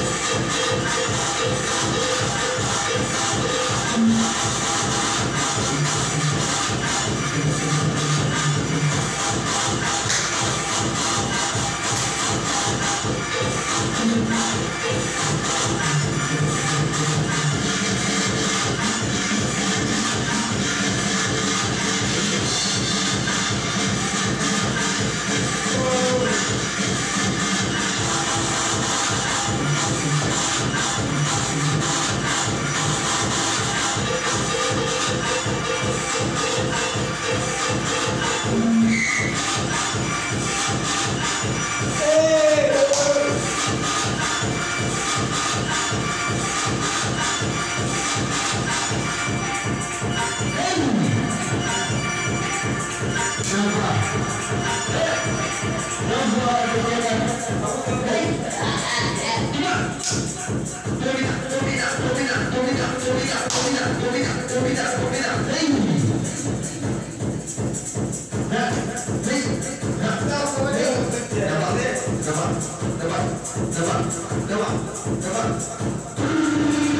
Thank you. Давай, давай, давай, давай, давай.